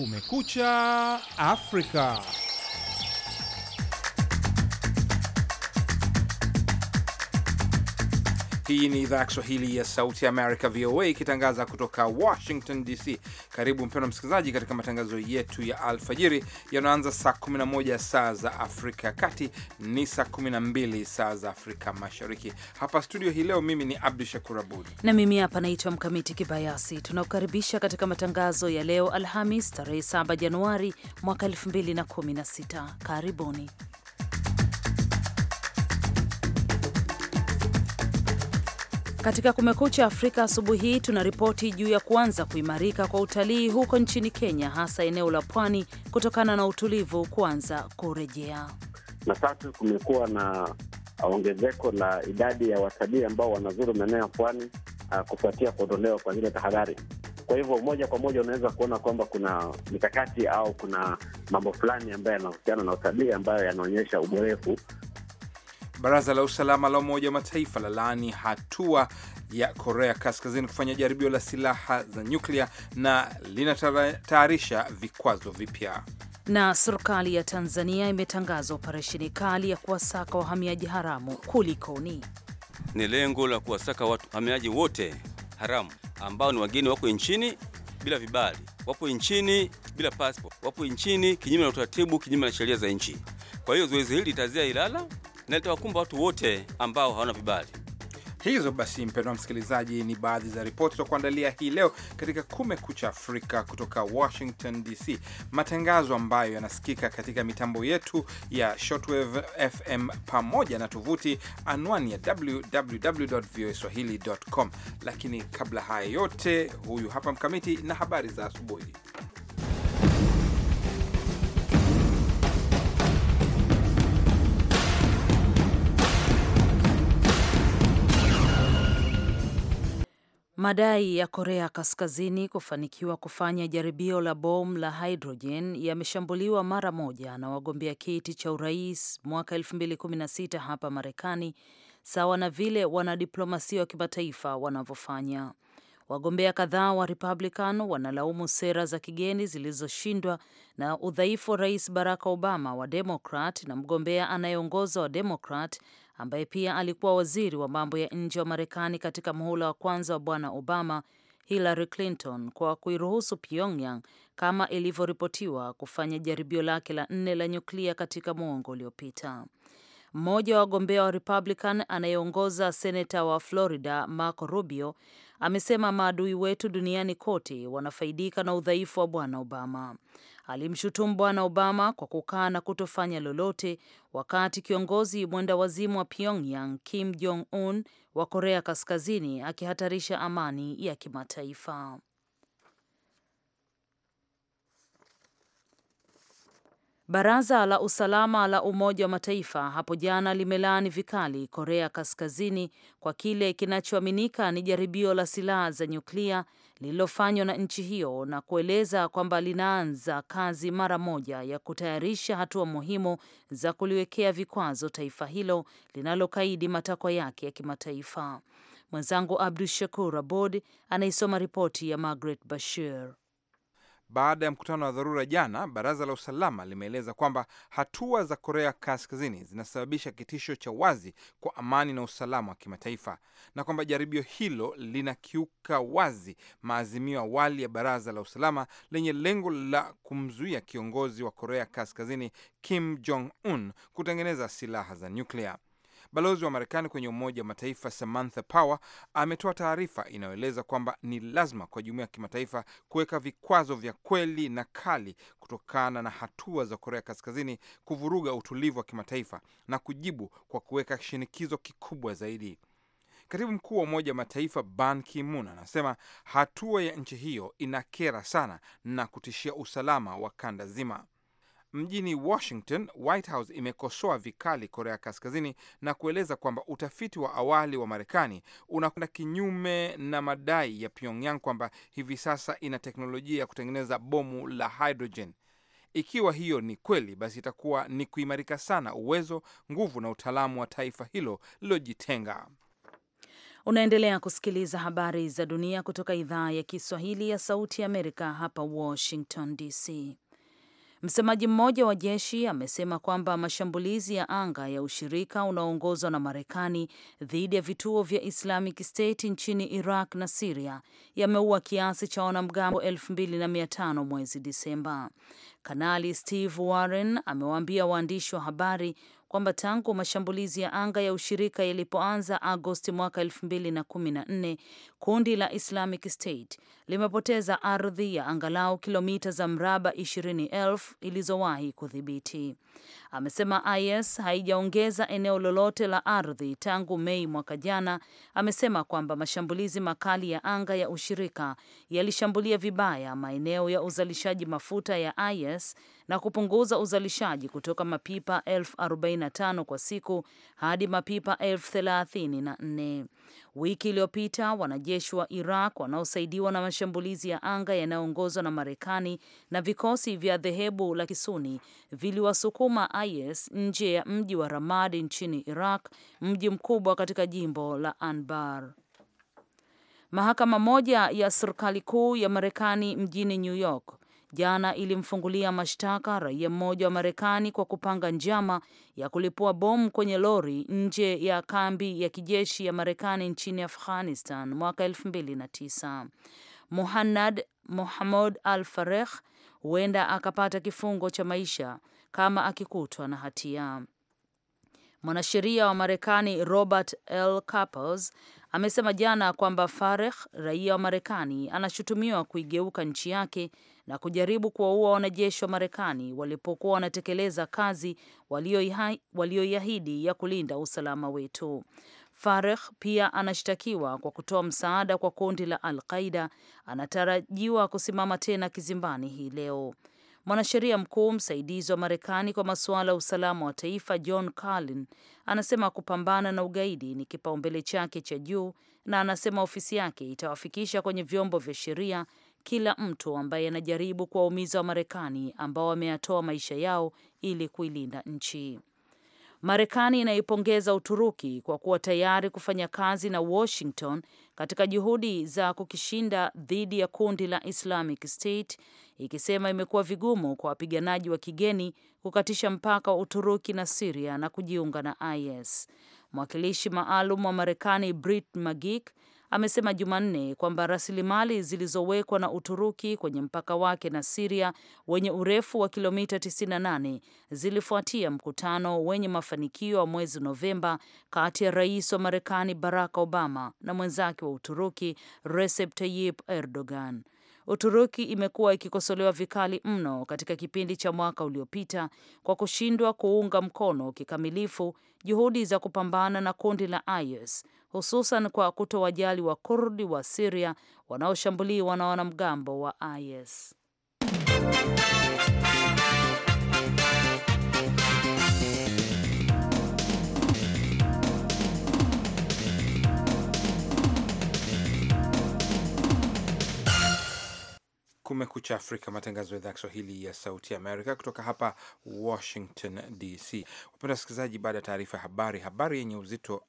Kumekucha Afrika. Hii ni idhaa ya Kiswahili ya Sauti Amerika, VOA, ikitangaza kutoka Washington DC. Karibu mpendwa msikilizaji, katika matangazo yetu ya alfajiri yanaanza saa 11 saa za Afrika ya Kati, ni saa 12 saa za Afrika Mashariki. Hapa studio hii leo, mimi ni Abdu Shakur Abud na mimi hapa naitwa Mkamiti Kibayasi. Tunakukaribisha katika matangazo ya leo Alhamis, tarehe 7 Januari mwaka 2016. Karibuni Katika Kumekucha Afrika asubuhi hii ripoti juu ya kuanza kuimarika kwa utalii huko nchini Kenya, hasa eneo la pwani kutokana na utulivu kuanza kurejea. Na sasa kumekuwa na ongezeko la idadi ya watalii ambao wanazuru maeneo ya pwani ah, kufuatia kuondolewa kwa zile tahadhari. Kwa hivyo moja kwa moja unaweza kuona kwamba kuna mikakati au kuna mambo fulani ambayo yanahusiana na utalii ambayo yanaonyesha uborefu Baraza la usalama la Umoja wa Mataifa laani hatua ya Korea Kaskazini kufanya jaribio la silaha za nyuklia na linatayarisha vikwazo vipya. Na serikali ya Tanzania imetangaza operesheni kali ya kuwasaka wahamiaji haramu. Kulikoni? Ni lengo la kuwasaka wahamiaji wote haramu ambao ni wageni, wako nchini bila vibali, wapo nchini bila passport, wapo nchini kinyume na utaratibu, kinyume na sheria za nchi. Kwa hiyo zoezi hili litazia Ilala na litawakumba watu wote ambao hawana vibali. Hizo basi, mpendwa msikilizaji, ni baadhi za ripoti za kuandalia hii leo katika Kumekucha Afrika kutoka Washington DC, matangazo ambayo yanasikika katika mitambo yetu ya shortwave FM pamoja na tovuti anwani ya www voa swahili com. Lakini kabla haya yote, huyu hapa Mkamiti na habari za asubuhi. Madai ya Korea Kaskazini kufanikiwa kufanya jaribio la bomu la hidrojen yameshambuliwa mara moja na wagombea kiti cha urais mwaka 2016 hapa Marekani, sawa na vile wanadiplomasia wa kimataifa wanavyofanya. Wagombea kadhaa wa Republican wanalaumu sera za kigeni zilizoshindwa na udhaifu wa Rais Barack Obama wa demokrat na mgombea anayeongoza wa demokrat ambaye pia alikuwa waziri wa mambo ya nje wa Marekani katika muhula wa kwanza wa Bwana Obama, Hillary Clinton kwa kuiruhusu Pyongyang kama ilivyoripotiwa kufanya jaribio lake la nne la nyuklia katika muongo uliopita. Mmoja wa wagombea wa Republican anayeongoza senata wa Florida Marco Rubio amesema maadui wetu duniani kote wanafaidika na udhaifu wa Bwana Obama alimshutumu Bwana Obama kwa kukaa na kutofanya lolote wakati kiongozi mwenda wazimu wa Pyongyang Kim Jong Un wa Korea Kaskazini akihatarisha amani ya kimataifa. Baraza la usalama la Umoja wa Mataifa hapo jana limelaani vikali Korea Kaskazini kwa kile kinachoaminika ni jaribio la silaha za nyuklia lililofanywa na nchi hiyo na kueleza kwamba linaanza kazi mara moja ya kutayarisha hatua muhimu za kuliwekea vikwazo taifa hilo linalokaidi matakwa yake ya kimataifa. Mwenzangu Abdu Shakur Abod anaisoma ripoti ya Margaret Bashir. Baada ya mkutano wa dharura jana, baraza la usalama limeeleza kwamba hatua za Korea Kaskazini zinasababisha kitisho cha wazi kwa amani na usalama wa kimataifa na kwamba jaribio hilo linakiuka wazi maazimio awali ya baraza la usalama lenye lengo la kumzuia kiongozi wa Korea Kaskazini Kim Jong Un kutengeneza silaha za nyuklia. Balozi wa Marekani kwenye Umoja wa Mataifa Samantha Power ametoa taarifa inayoeleza kwamba ni lazima kwa jumuiya ya kimataifa kuweka vikwazo vya kweli na kali kutokana na hatua za Korea Kaskazini kuvuruga utulivu wa kimataifa na kujibu kwa kuweka shinikizo kikubwa zaidi. Katibu mkuu wa Umoja wa Mataifa Ban Ki-moon anasema hatua ya nchi hiyo inakera sana na kutishia usalama wa kanda zima. Mjini Washington, White House imekosoa vikali Korea Kaskazini na kueleza kwamba utafiti wa awali wa Marekani unakwenda kinyume na madai ya Pyongyang kwamba hivi sasa ina teknolojia ya kutengeneza bomu la hydrogen. Ikiwa hiyo ni kweli, basi itakuwa ni kuimarika sana uwezo, nguvu na utaalamu wa taifa hilo lilojitenga Unaendelea kusikiliza habari za dunia kutoka idhaa ya Kiswahili ya Sauti ya Amerika, hapa Washington DC. Msemaji mmoja wa jeshi amesema kwamba mashambulizi ya anga ya ushirika unaoongozwa na Marekani dhidi ya vituo vya Islamic State nchini Iraq na Siria yameua kiasi cha wanamgambo 2500 mwezi Disemba. Kanali Steve Warren amewaambia waandishi wa habari kwamba tangu mashambulizi ya anga ya ushirika yalipoanza Agosti mwaka 2014 kundi la Islamic State limepoteza ardhi ya angalau kilomita za mraba 20,000 ilizowahi kudhibiti. Amesema IS haijaongeza eneo lolote la ardhi tangu Mei mwaka jana. Amesema kwamba mashambulizi makali ya anga ya ushirika yalishambulia vibaya maeneo ya uzalishaji mafuta ya IS na kupunguza uzalishaji kutoka mapipa 45 kwa siku hadi mapipa 34. Wiki iliyopita wanaj wanajeshi wa Iraq wanaosaidiwa na mashambulizi ya anga yanayoongozwa na Marekani na vikosi vya dhehebu la Kisuni viliwasukuma IS nje ya mji wa Ramadi nchini Iraq, mji mkubwa katika jimbo la Anbar. Mahakama moja ya serikali kuu ya Marekani mjini New York jana ilimfungulia mashtaka raia mmoja wa Marekani kwa kupanga njama ya kulipua bomu kwenye lori nje ya kambi ya kijeshi ya Marekani nchini Afghanistan mwaka 2009. Muhanad Mohamud Al Farekh huenda akapata kifungo cha maisha kama akikutwa na hatia. Mwanasheria wa Marekani Robert L. Capers amesema jana kwamba Fareh, raia wa Marekani, anashutumiwa kuigeuka nchi yake na kujaribu kuwaua wanajeshi wa Marekani walipokuwa wanatekeleza kazi walioiahidi ya kulinda usalama wetu. Fareh pia anashtakiwa kwa kutoa msaada kwa kundi la Al Qaida. Anatarajiwa kusimama tena kizimbani hii leo. Mwanasheria mkuu msaidizi wa Marekani kwa masuala ya usalama wa taifa John Carlin anasema kupambana na ugaidi ni kipaumbele chake cha juu, na anasema ofisi yake itawafikisha kwenye vyombo vya sheria kila mtu ambaye anajaribu kuwaumiza wa marekani ambao wameyatoa maisha yao ili kuilinda nchi. Marekani inaipongeza Uturuki kwa kuwa tayari kufanya kazi na Washington katika juhudi za kukishinda dhidi ya kundi la Islamic State, ikisema imekuwa vigumu kwa wapiganaji wa kigeni kukatisha mpaka wa Uturuki na Siria na kujiunga na IS. Mwakilishi maalum wa Marekani Brit Magik amesema Jumanne kwamba rasilimali zilizowekwa na Uturuki kwenye mpaka wake na Siria wenye urefu wa kilomita 98 zilifuatia mkutano wenye mafanikio wa mwezi Novemba kati ya rais wa Marekani Barack Obama na mwenzake wa Uturuki Recep Tayyip Erdogan. Uturuki imekuwa ikikosolewa vikali mno katika kipindi cha mwaka uliopita kwa kushindwa kuunga mkono kikamilifu juhudi za kupambana na kundi la IS hususan kwa kutowajali wa Kurdi wa Siria wanaoshambuliwa na wanamgambo wa IS. Kumekucha Afrika, matangazo ya idhaa Kiswahili ya Sauti Amerika kutoka hapa Washington DC. Wapenda wasikilizaji, baada ya taarifa ya habari, habari yenye uzito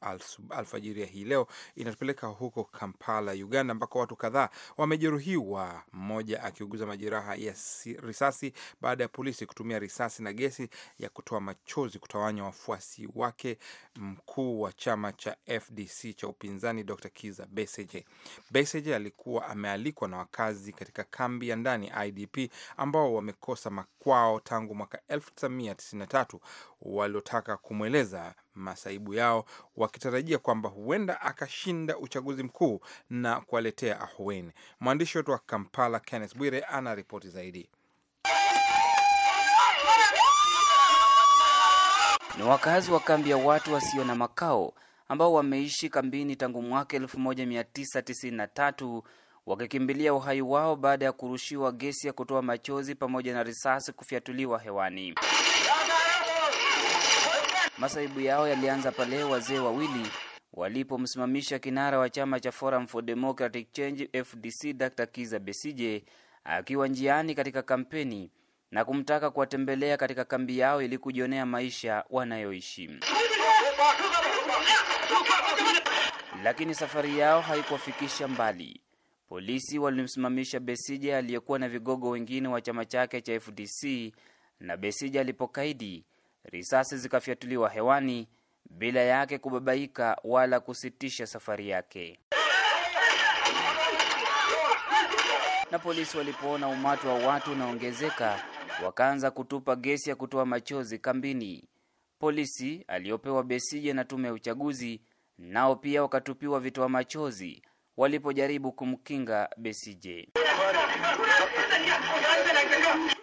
alfajiri ya hii leo inatupeleka huko Kampala, Uganda, ambako watu kadhaa wamejeruhiwa, mmoja akiuguza majeraha ya risasi baada ya polisi kutumia risasi na gesi ya kutoa machozi kutawanya wafuasi wake. Mkuu wa chama cha FDC cha upinzani Dr Kiza Besigye. Besigye alikuwa amealikwa na wakazi katika kambi ya ndani IDP ambao wamekosa makwao tangu mwaka 1993 waliotaka kumweleza masaibu yao wakitarajia kwamba huenda akashinda uchaguzi mkuu na kuwaletea ahueni. Mwandishi wetu wa Kampala Kenneth Bwire ana ripoti zaidi. Ni wakazi wa kambi ya watu wasio na makao ambao wameishi kambini tangu mwaka wakikimbilia uhai wao baada ya kurushiwa gesi ya kutoa machozi pamoja na risasi kufyatuliwa hewani. Masaibu yao yalianza pale wazee wawili walipomsimamisha kinara wa chama cha Forum for Democratic Change FDC Dr. Kiza Besije akiwa njiani katika kampeni na kumtaka kuwatembelea katika kambi yao ili kujionea maisha wanayoishi. Lakini safari yao haikuwafikisha mbali. Polisi walimsimamisha Besije aliyekuwa na vigogo wengine wa chama chake cha FDC na Besije alipokaidi, risasi zikafyatuliwa hewani bila yake kubabaika wala kusitisha safari yake. Na polisi walipoona umati wa watu unaongezeka, wakaanza kutupa gesi ya kutoa machozi kambini. Polisi aliopewa Besije na tume ya uchaguzi nao pia wakatupiwa vitoa machozi walipojaribu kumkinga Besigye.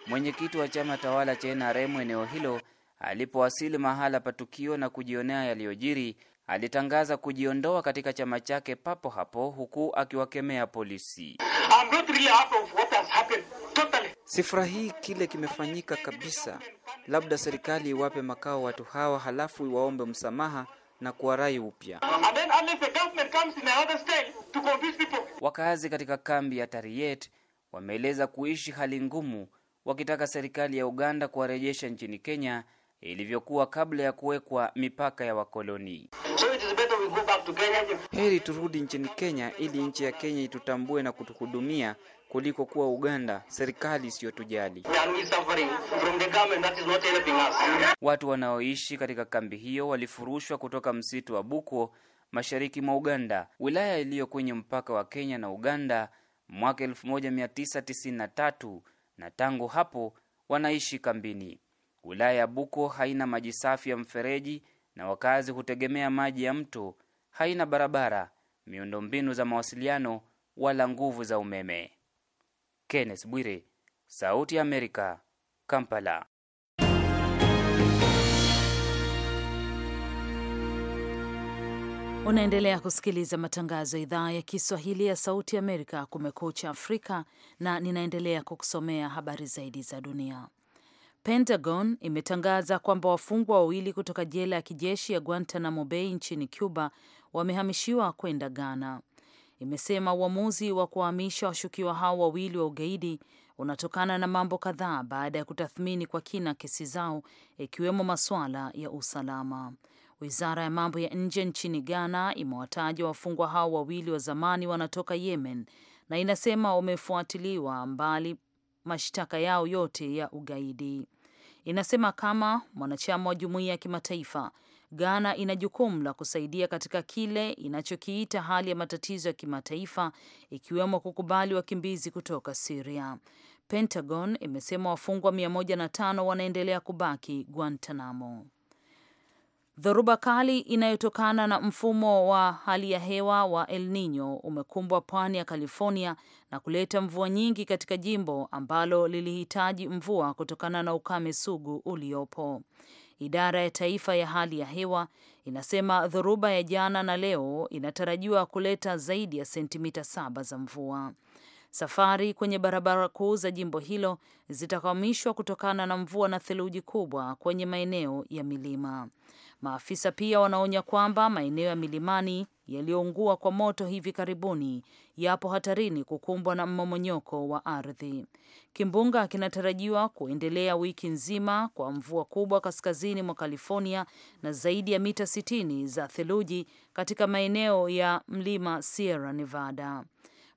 Mwenyekiti wa chama tawala cha NRM eneo hilo alipowasili mahala pa tukio na kujionea yaliyojiri, alitangaza kujiondoa katika chama chake papo hapo, huku akiwakemea polisi. Sifurahii kile kimefanyika kabisa. Labda serikali iwape makao watu hawa, halafu iwaombe msamaha na kuwarai upya wakazi katika kambi ya Tariet wameeleza kuishi hali ngumu, wakitaka serikali ya Uganda kuwarejesha nchini Kenya ilivyokuwa kabla ya kuwekwa mipaka ya wakoloni. So Heri turudi nchini Kenya ili nchi ya Kenya itutambue na kutuhudumia kuliko kuwa Uganda serikali isiyotujali. Watu wanaoishi katika kambi hiyo walifurushwa kutoka msitu wa Buko mashariki mwa Uganda, wilaya iliyo kwenye mpaka wa Kenya na Uganda mwaka 1993 na tangu hapo wanaishi kambini. Wilaya ya Buko haina maji safi ya mfereji na wakazi hutegemea maji ya mto haina barabara, miundombinu za mawasiliano wala nguvu za umeme. Kenneth Bwire, Sauti ya Amerika, Kampala. Unaendelea kusikiliza matangazo ya idhaa ya Kiswahili ya Sauti Amerika, Kumekucha Afrika, na ninaendelea kukusomea habari zaidi za dunia. Pentagon imetangaza kwamba wafungwa wawili kutoka jela ya kijeshi ya Guantanamo Bay nchini Cuba wamehamishiwa kwenda Ghana. Imesema uamuzi wa kuwahamisha washukiwa hao wawili wa ugaidi unatokana na mambo kadhaa baada ya kutathmini kwa kina kesi zao ikiwemo masuala ya usalama. Wizara ya mambo ya nje nchini Ghana imewataja wafungwa hao wawili wa zamani wanatoka Yemen na inasema wamefuatiliwa mbali mashtaka yao yote ya ugaidi. Inasema kama mwanachama wa jumuiya ya kimataifa Ghana ina jukumu la kusaidia katika kile inachokiita hali ya matatizo ya kimataifa, ikiwemo kukubali wakimbizi kutoka Siria. Pentagon imesema wafungwa 105 wanaendelea kubaki Guantanamo. Dhoruba kali inayotokana na mfumo wa hali ya hewa wa El Nino umekumbwa pwani ya California na kuleta mvua nyingi katika jimbo ambalo lilihitaji mvua kutokana na ukame sugu uliopo. Idara ya Taifa ya Hali ya Hewa inasema dhoruba ya jana na leo inatarajiwa kuleta zaidi ya sentimita saba za mvua. Safari kwenye barabara kuu za jimbo hilo zitakwamishwa kutokana na mvua na theluji kubwa kwenye maeneo ya milima. Maafisa pia wanaonya kwamba maeneo ya milimani yaliyoungua kwa moto hivi karibuni yapo hatarini kukumbwa na mmomonyoko wa ardhi. Kimbunga kinatarajiwa kuendelea wiki nzima kwa mvua kubwa kaskazini mwa California na zaidi ya mita 60 za theluji katika maeneo ya mlima Sierra Nevada.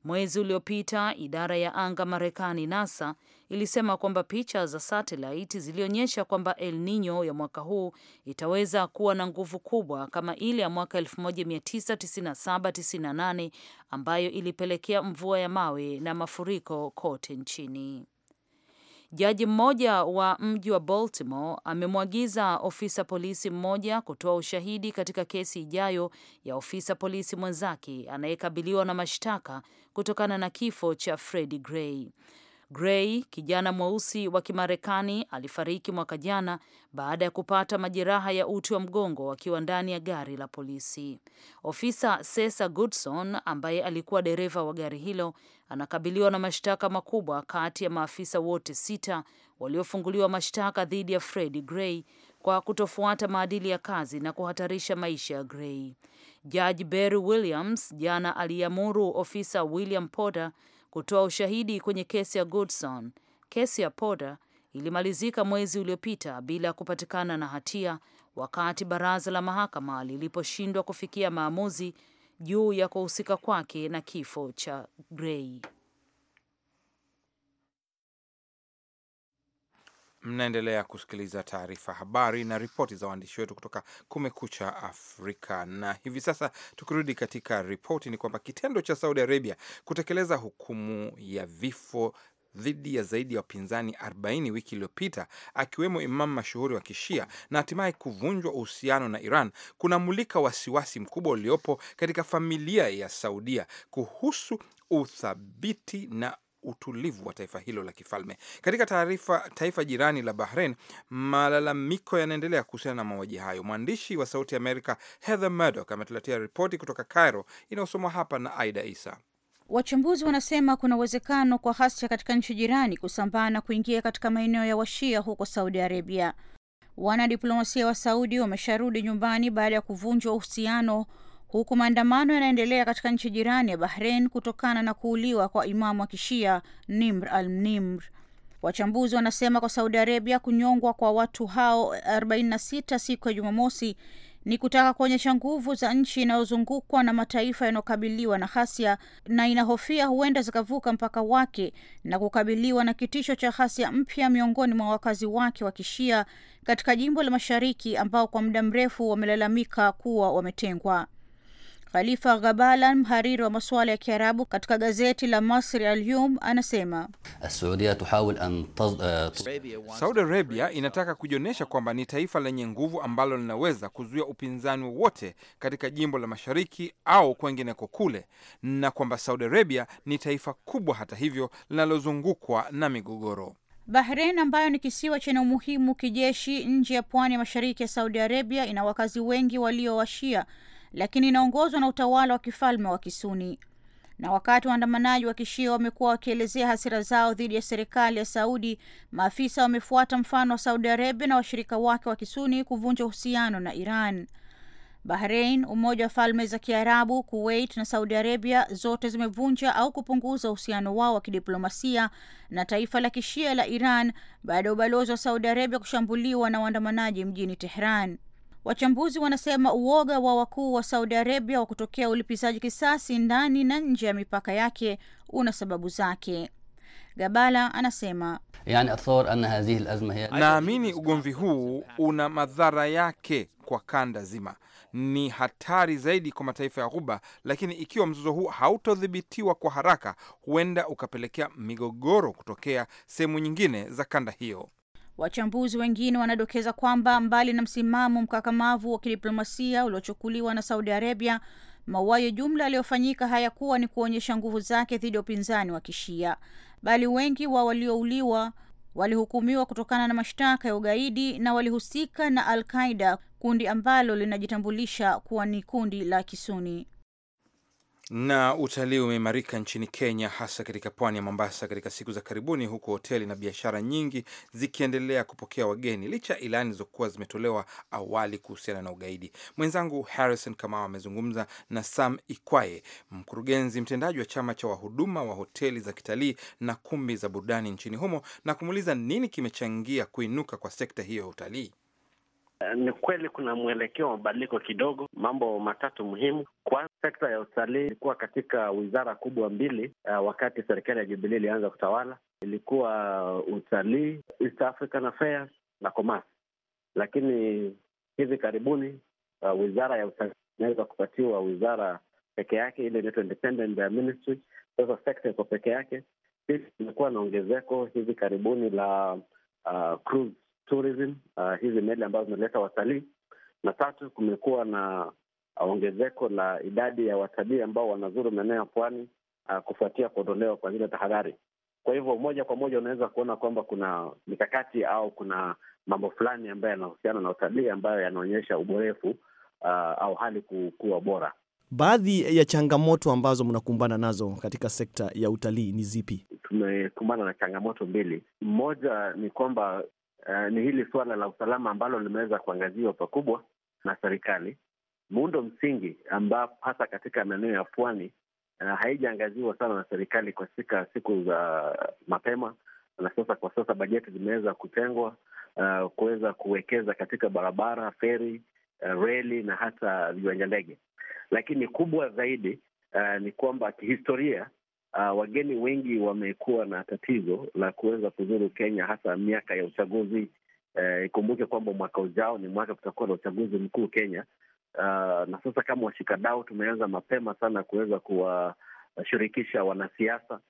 Mwezi uliopita idara ya anga Marekani, NASA, ilisema kwamba picha za satelaiti zilionyesha kwamba El Nino ya mwaka huu itaweza kuwa na nguvu kubwa kama ile ya mwaka 1997-98 ambayo ilipelekea mvua ya mawe na mafuriko kote nchini. Jaji mmoja wa mji wa Baltimore amemwagiza ofisa polisi mmoja kutoa ushahidi katika kesi ijayo ya ofisa polisi mwenzake anayekabiliwa na mashtaka kutokana na kifo cha Freddie Gray. Gray, kijana mweusi wa Kimarekani, alifariki mwaka jana baada ya kupata majeraha ya uti wa mgongo akiwa ndani ya gari la polisi. Ofisa cesar Goodson, ambaye alikuwa dereva wa gari hilo, anakabiliwa na mashtaka makubwa kati ya maafisa wote sita waliofunguliwa mashtaka dhidi ya fred Gray kwa kutofuata maadili ya kazi na kuhatarisha maisha ya Gray. Jaji Barry Williams jana aliamuru ofisa William Porter kutoa ushahidi kwenye kesi ya Goodson. Kesi ya Porter ilimalizika mwezi uliopita bila ya kupatikana na hatia, wakati baraza la mahakama liliposhindwa kufikia maamuzi juu ya kuhusika kwake na kifo cha Gray. Mnaendelea kusikiliza taarifa habari na ripoti za waandishi wetu kutoka Kumekucha Afrika. Na hivi sasa tukirudi katika ripoti, ni kwamba kitendo cha Saudi Arabia kutekeleza hukumu ya vifo dhidi ya zaidi ya wapinzani 40 wiki iliyopita akiwemo imamu mashuhuri wa Kishia na hatimaye kuvunjwa uhusiano na Iran kunamulika wasiwasi mkubwa uliopo katika familia ya Saudia kuhusu uthabiti na utulivu wa taifa hilo la kifalme. Katika taarifa, taifa jirani la Bahrain, malalamiko yanaendelea kuhusiana na mauaji hayo. Mwandishi wa Sauti Amerika Heather mdo ametuletea ripoti kutoka Cairo inayosomwa hapa na Aida Isa. Wachambuzi wanasema kuna uwezekano kwa hasia katika nchi jirani kusambaa na kuingia katika maeneo ya Washia huko Saudi Arabia. Wanadiplomasia wa Saudi wamesharudi nyumbani baada ya kuvunjwa uhusiano huku maandamano yanaendelea katika nchi jirani ya Bahrain kutokana na kuuliwa kwa imamu wa kishia Nimr al-Nimr. Wachambuzi wanasema kwa Saudi Arabia kunyongwa kwa watu hao 46 siku ya Jumamosi ni kutaka kuonyesha nguvu za nchi inayozungukwa na mataifa yanayokabiliwa na ghasia na inahofia huenda zikavuka mpaka wake na kukabiliwa na kitisho cha ghasia mpya miongoni mwa wakazi wake wa kishia katika jimbo la mashariki ambao kwa muda mrefu wamelalamika kuwa wametengwa. Khalifa Ghabala, mhariri wa masuala ya Kiarabu katika gazeti la Masri Alyum, anasema eh, Saudi Arabia inataka kujionyesha kwamba ni taifa lenye nguvu ambalo linaweza kuzuia upinzani wowote katika jimbo la mashariki au kwengineko kule, na kwamba Saudi Arabia ni taifa kubwa, hata hivyo, linalozungukwa na migogoro. Bahrein ambayo ni kisiwa chenye umuhimu kijeshi nje ya pwani ya mashariki ya Saudi Arabia ina wakazi wengi walio washia lakini inaongozwa na utawala wa kifalme wa Kisuni. Na wakati waandamanaji wa kishia wamekuwa wakielezea hasira zao dhidi ya serikali ya Saudi, maafisa wamefuata mfano wa Saudi Arabia na washirika wake wa Kisuni kuvunja uhusiano na Iran. bahrein Umoja wa Falme za Kiarabu, Kuwait na Saudi Arabia zote zimevunja au kupunguza uhusiano wao wa kidiplomasia na taifa la kishia la Iran baada ya ubalozi wa Saudi Arabia kushambuliwa na waandamanaji mjini Tehran. Wachambuzi wanasema uoga wa wakuu wa Saudi Arabia wa kutokea ulipizaji kisasi ndani na nje ya mipaka yake una sababu zake. Gabala anasema naamini ugomvi huu una madhara yake kwa kanda zima, ni hatari zaidi kwa mataifa ya Ghuba, lakini ikiwa mzozo huu hautodhibitiwa kwa haraka, huenda ukapelekea migogoro kutokea sehemu nyingine za kanda hiyo. Wachambuzi wengine wanadokeza kwamba mbali na msimamo mkakamavu wa kidiplomasia uliochukuliwa na Saudi Arabia, mauaji jumla yaliyofanyika hayakuwa ni kuonyesha nguvu zake dhidi ya upinzani wa Kishia, bali wengi wa waliouliwa walihukumiwa kutokana na mashtaka ya ugaidi na walihusika na Al Qaida, kundi ambalo linajitambulisha kuwa ni kundi la Kisuni. Na utalii umeimarika nchini Kenya, hasa katika pwani ya Mombasa katika siku za karibuni, huku hoteli na biashara nyingi zikiendelea kupokea wageni licha ilani zilizokuwa zimetolewa awali kuhusiana na ugaidi. Mwenzangu Harrison Kamau amezungumza na Sam Ikwaye, mkurugenzi mtendaji wa chama cha wahuduma wa hoteli za kitalii na kumbi za burudani nchini humo, na kumuuliza nini kimechangia kuinuka kwa sekta hiyo ya utalii. Eh, ni kweli kuna mwelekeo wa mabadiliko kidogo. Mambo matatu muhimu. Kwanza, sekta ya utalii ilikuwa katika wizara kubwa mbili uh, wakati serikali ya Jubilii ilianza kutawala, ilikuwa eh, utalii, East African Affairs na Commerce, lakini hivi karibuni uh, wizara ya utalii inaweza kupatiwa wizara peke yake, ile inaitwa independent ministry. Sasa sekta iko peke yake. Pili, imekuwa na ongezeko hivi karibuni la uh, cruise tourism, uh, hizi meli ambazo zimeleta watalii, na tatu, kumekuwa na ongezeko la idadi ya watalii ambao wanazuru maeneo ya pwani uh, kufuatia kuondolewa kwa zile tahadhari. Kwa hivyo moja kwa moja unaweza kuona kwamba kuna mikakati au kuna mambo fulani ambayo yanahusiana na utalii ambayo yanaonyesha uborefu uh, au hali kuwa bora. Baadhi ya changamoto ambazo mnakumbana nazo katika sekta ya utalii ni zipi? Tumekumbana na changamoto mbili. Moja ni kwamba uh, ni hili suala la usalama ambalo limeweza kuangaziwa pakubwa na serikali. Muundo msingi ambapo hasa katika maeneo ya pwani uh, haijaangaziwa sana na serikali katika siku za mapema, na sasa kwa sasa bajeti zimeweza kutengwa uh, kuweza kuwekeza katika barabara, feri, uh, reli na hata viwanja ndege, lakini kubwa zaidi uh, ni kwamba kihistoria uh, wageni wengi wamekuwa na tatizo la kuweza kuzuru Kenya, hasa miaka ya uchaguzi. Eh, ikumbuke uh, kwamba mwaka ujao ni mwaka kutakuwa na uchaguzi mkuu Kenya. Uh, na sasa kama washikadau tumeanza mapema sana kuweza kuwashirikisha wanasiasa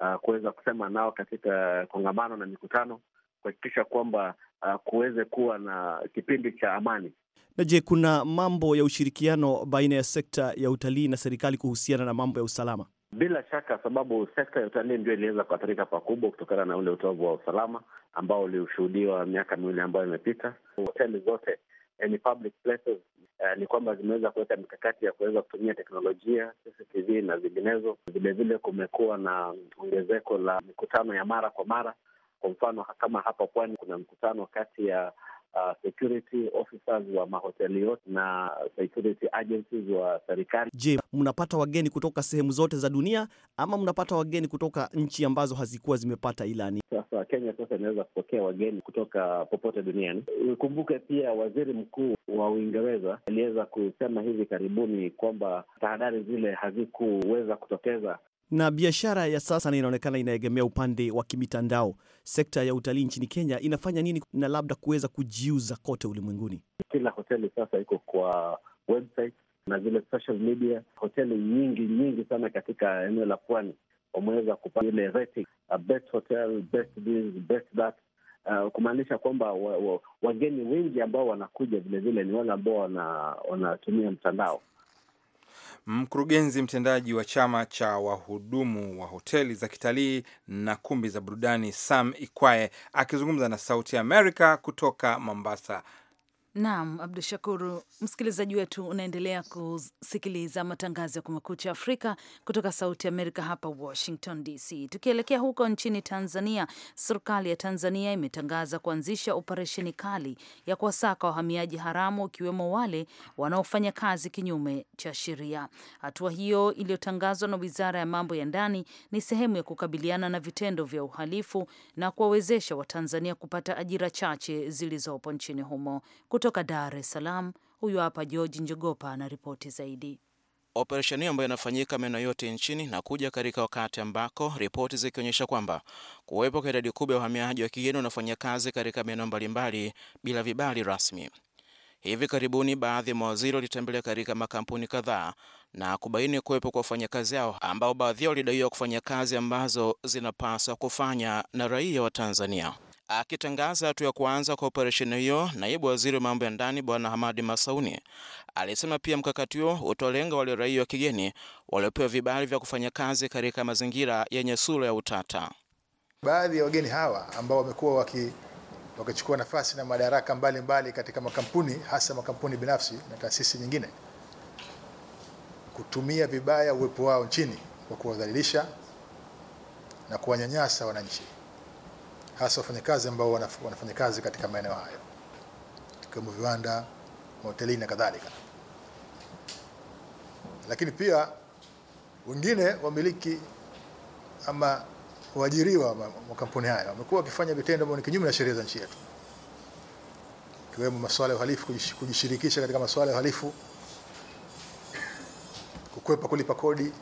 uh, kuweza kusema nao katika kongamano na mikutano kuhakikisha kwamba uh, kuweze kuwa na kipindi cha amani. Na je, kuna mambo ya ushirikiano baina ya sekta ya utalii na serikali kuhusiana na mambo ya usalama? Bila shaka, sababu sekta ya utalii ndio iliweza kuathirika pakubwa kutokana na ule utovu wa usalama ambao ulioshuhudiwa miaka miwili ambayo imepita. Hoteli zote eh, ni public places, eh, ni kwamba zimeweza kuweka mikakati ya kuweza kutumia teknolojia CCTV na zinginezo. Vilevile kumekuwa na ongezeko la mikutano ya mara kwa mara. Kwa mfano kama hapa pwani kuna mkutano kati ya uh, security officers wa mahoteli yote na security agencies wa serikali. Je, mnapata wageni kutoka sehemu zote za dunia ama mnapata wageni kutoka nchi ambazo hazikuwa zimepata ilani? Sasa Kenya sasa inaweza kupokea wageni kutoka popote duniani. Ukumbuke pia waziri mkuu wa Uingereza aliweza kusema hivi karibuni kwamba tahadhari zile hazikuweza kutokeza na biashara ya sasa inaonekana inaegemea upande wa kimitandao. Sekta ya utalii nchini Kenya inafanya nini na labda kuweza kujiuza kote ulimwenguni? Kila hoteli sasa iko kwa website na zile social media. Hoteli nyingi nyingi sana katika eneo la pwani wameweza kupata ile rating, uh, best hotel, best this, best that Uh, kumaanisha kwamba wageni wa, wa wengi ambao wanakuja vilevile ni wale ambao wanatumia mtandao. Mkurugenzi mtendaji wa chama cha wahudumu wa hoteli za kitalii na kumbi za burudani Sam Ikwae, akizungumza na Sauti Amerika kutoka Mombasa. Naam, Abdu Shakuru, msikilizaji wetu, unaendelea kusikiliza matangazo ya Kumekucha Afrika kutoka Sauti Amerika hapa Washington DC. Tukielekea huko nchini Tanzania, serikali ya Tanzania imetangaza kuanzisha operesheni kali ya kuwasaka wahamiaji haramu, ikiwemo wale wanaofanya kazi kinyume cha sheria. Hatua hiyo iliyotangazwa na Wizara ya Mambo ya Ndani ni sehemu ya kukabiliana na vitendo vya uhalifu na kuwawezesha Watanzania kupata ajira chache zilizopo nchini humo. Kutoka Dar es Salaam, huyu hapa George Njogopa na ripoti zaidi. Operesheni hiyo ambayo inafanyika maeneo yote nchini na kuja katika wakati ambako ripoti zikionyesha kwamba kuwepo kwa idadi kubwa ya uhamiaji wa kigeni wanafanya kazi katika maeneo mbalimbali bila vibali rasmi. Hivi karibuni baadhi ya mawaziri walitembelea katika makampuni kadhaa na kubaini kuwepo kwa wafanyakazi hao ambao baadhi yao walidaiwa kufanya kazi ambazo zinapaswa kufanya na raia wa Tanzania. Akitangaza hatua ya kuanza kwa operesheni hiyo, naibu waziri wa mambo ya ndani Bwana Hamadi Masauni alisema pia mkakati huo utolenga wale raia wa kigeni waliopewa vibali vya kufanya kazi katika mazingira yenye sura ya utata. Baadhi ya wageni hawa ambao wamekuwa waki wakichukua nafasi na madaraka mbalimbali mbali katika makampuni hasa makampuni binafsi na taasisi nyingine, kutumia vibaya uwepo wao nchini kwa kuwadhalilisha na kuwanyanyasa wananchi hasa wafanyakazi ambao wanafanya kazi katika maeneo hayo kama viwanda, mahoteli na kadhalika. Lakini pia wengine wamiliki ama waajiriwa wa kampuni hayo wamekuwa wakifanya vitendo ambavyo ni kinyume na sheria za nchi yetu, ikiwemo masuala ya uhalifu, kujishirikisha katika masuala ya uhalifu, kukwepa kulipa kodi,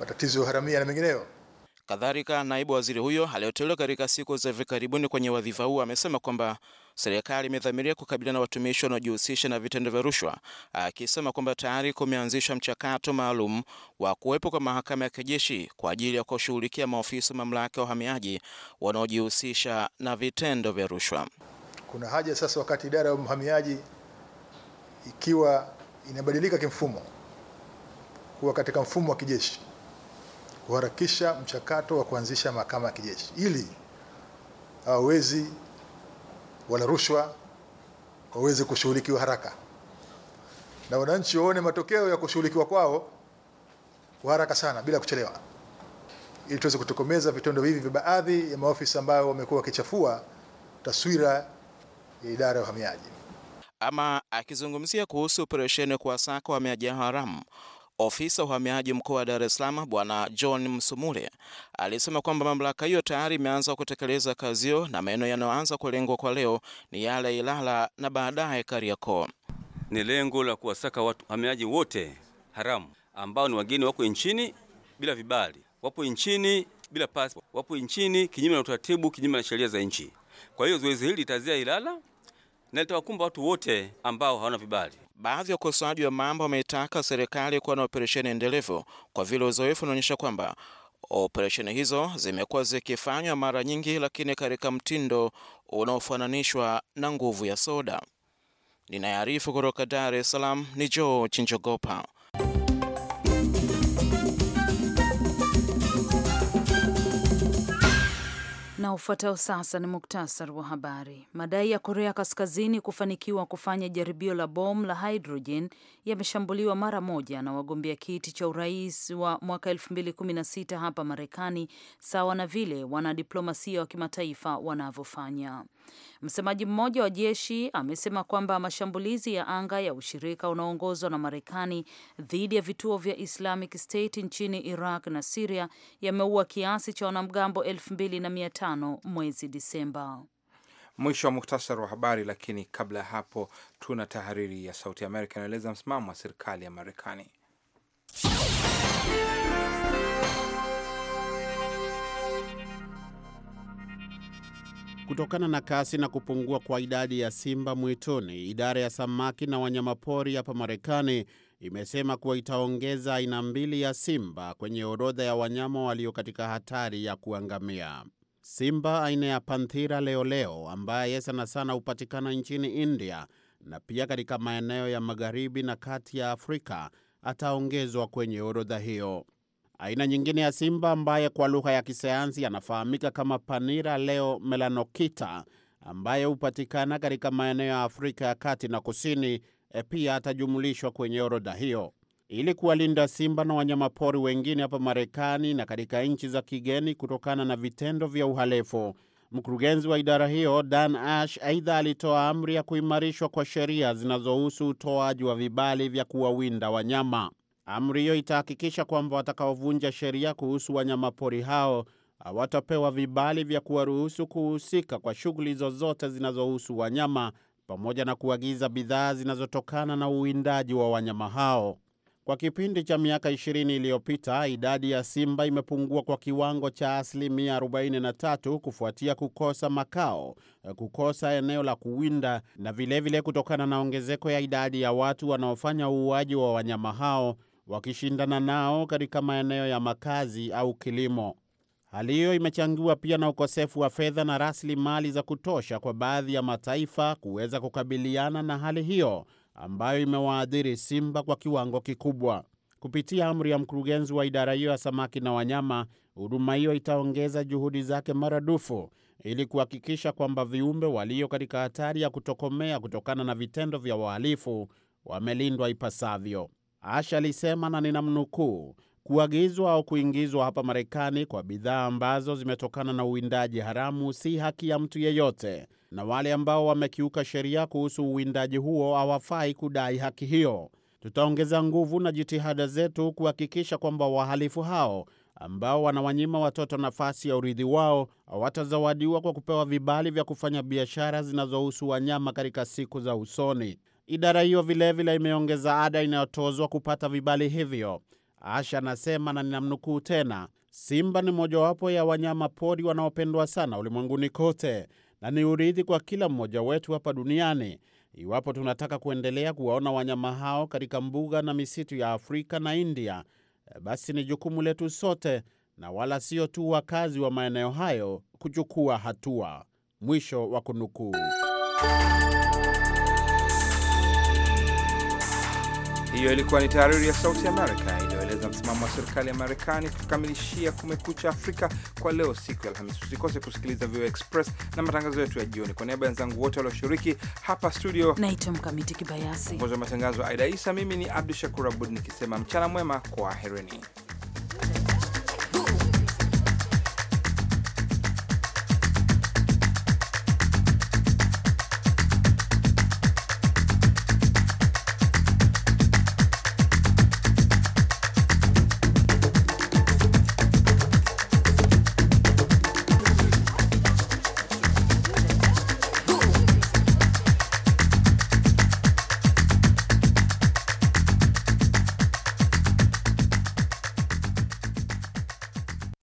matatizo ya uharamia na mengineyo. Kadhalika, naibu waziri huyo aliyoteuliwa katika siku za hivi karibuni kwenye wadhifa huo amesema kwamba serikali imedhamiria kukabiliana na watumishi wanaojihusisha na vitendo vya rushwa, akisema kwamba tayari kumeanzishwa mchakato maalum wa kuwepo kwa mahakama ya kijeshi kwa ajili ya kushughulikia maofisa mamlaka ya uhamiaji wanaojihusisha na vitendo vya rushwa. Kuna haja sasa, wakati idara ya uhamiaji ikiwa inabadilika kimfumo kuwa katika mfumo wa kijeshi kuharakisha mchakato wa kuanzisha mahakama ya kijeshi ili hawawezi wala rushwa waweze kushughulikiwa haraka na wananchi waone matokeo ya kushughulikiwa kwao kwa haraka sana bila kuchelewa, ili tuweze kutokomeza vitendo hivi vya baadhi ya maofisa ambao wamekuwa wakichafua taswira ya idara ya uhamiaji. Ama akizungumzia kuhusu operesheni kuwasaka wahamiaji haramu Ofisa uhamiaji mkoa wa Dar es Salaam Bwana John Msumule alisema kwamba mamlaka hiyo tayari imeanza kutekeleza kazi hiyo na maeneo yanayoanza kulengwa kwa leo ni yale Ilala na baadaye Kariakoo. Ni lengo la kuwasaka watu uhamiaji wote haramu ambao ni wageni, wako nchini bila vibali, wapo nchini bila pasipo, wapo nchini kinyume na utaratibu, kinyume na sheria za nchi. Kwa hiyo zoezi hili litazia Ilala na litawakumba watu wote ambao hawana vibali. Baadhi ya wakosoaji wa mambo wameitaka serikali kuwa na operesheni endelevu kwa vile uzoefu unaonyesha kwamba operesheni hizo zimekuwa zikifanywa mara nyingi, lakini katika mtindo unaofananishwa na nguvu ya soda. Ninayarifu kutoka Dar es Salaam ni George Njogopa. Na ufuatao sasa ni muktasar wa habari. Madai ya Korea Kaskazini kufanikiwa kufanya jaribio la bomu la hidrojeni yameshambuliwa mara moja na wagombea kiti cha urais wa mwaka 2016 hapa Marekani, sawa na vile wanadiplomasia wa kimataifa wanavyofanya. Msemaji mmoja wa jeshi amesema kwamba mashambulizi ya anga ya ushirika unaoongozwa na Marekani dhidi ya vituo vya Islamic State nchini Iraq na Siria yameua kiasi cha wanamgambo 2500 mwezi Disemba. Mwisho wa muhtasari wa habari. Lakini kabla ya hapo, tuna tahariri ya Sauti ya Amerika inaeleza msimamo wa serikali ya Marekani. Kutokana na kasi na kupungua kwa idadi ya simba mwituni, idara ya samaki na wanyamapori hapa Marekani imesema kuwa itaongeza aina mbili ya simba kwenye orodha ya wanyama walio katika hatari ya kuangamia. Simba aina ya Panthera leoleo ambaye sana sana hupatikana nchini India na pia katika maeneo ya magharibi na kati ya Afrika ataongezwa kwenye orodha hiyo. Aina nyingine ya simba ambaye kwa lugha ya kisayansi anafahamika kama Panira leo melanokita, ambaye hupatikana katika maeneo ya Afrika ya kati na kusini, e, pia atajumulishwa kwenye orodha hiyo. Ili kuwalinda simba na wanyamapori wengine hapa Marekani na katika nchi za kigeni kutokana na vitendo vya uhalifu, mkurugenzi wa idara hiyo Dan Ash aidha alitoa amri ya kuimarishwa kwa sheria zinazohusu utoaji wa vibali vya kuwawinda wanyama. Amri hiyo itahakikisha kwamba watakaovunja sheria kuhusu wanyamapori hao hawatapewa vibali vya kuwaruhusu kuhusika kwa shughuli zozote zinazohusu wanyama pamoja na kuagiza bidhaa zinazotokana na uwindaji wa wanyama hao. Kwa kipindi cha miaka 20 iliyopita, idadi ya simba imepungua kwa kiwango cha asilimia 43 kufuatia kukosa makao, kukosa eneo la kuwinda na vilevile vile kutokana na ongezeko ya idadi ya watu wanaofanya uuaji wa wanyama hao wakishindana nao katika maeneo ya makazi au kilimo. Hali hiyo imechangiwa pia na ukosefu wa fedha na rasilimali za kutosha kwa baadhi ya mataifa kuweza kukabiliana na hali hiyo ambayo imewaadhiri simba kwa kiwango kikubwa. Kupitia amri ya mkurugenzi wa idara hiyo ya samaki na wanyama, huduma hiyo itaongeza juhudi zake maradufu ili kuhakikisha kwamba viumbe walio katika hatari ya kutokomea kutokana na vitendo vya wahalifu wamelindwa ipasavyo. Ash alisema na ninamnukuu, kuagizwa au kuingizwa hapa Marekani kwa bidhaa ambazo zimetokana na uwindaji haramu si haki ya mtu yeyote, na wale ambao wamekiuka sheria kuhusu uwindaji huo hawafai kudai haki hiyo. Tutaongeza nguvu na jitihada zetu kuhakikisha kwamba wahalifu hao ambao wanawanyima watoto nafasi ya urithi wao hawatazawadiwa kwa kupewa vibali vya kufanya biashara zinazohusu wanyama katika siku za usoni. Idara hiyo vilevile imeongeza ada inayotozwa kupata vibali hivyo. Asha anasema na ninamnukuu tena, simba ni mojawapo ya wanyama pori wanaopendwa sana ulimwenguni kote na ni urithi kwa kila mmoja wetu hapa duniani iwapo tunataka kuendelea kuwaona wanyama hao katika mbuga na misitu ya Afrika na India, basi ni jukumu letu sote na wala sio tu wakazi wa maeneo hayo kuchukua hatua. Mwisho wa kunukuu. Hiyo ilikuwa ni tahariri ya Sauti Amerika inayoeleza msimamo wa serikali ya Marekani. Kukamilishia Kumekucha Afrika kwa leo, siku ya Alhamisi. Usikose kusikiliza VOA Express na matangazo yetu ya jioni. Kwa niaba ya wenzangu wote walioshiriki hapa studio, naitwa Mkamiti Kibayasi, ongozi wa matangazo Aida Isa, mimi ni Abdu Shakur Abud nikisema mchana mwema, kwa hereni.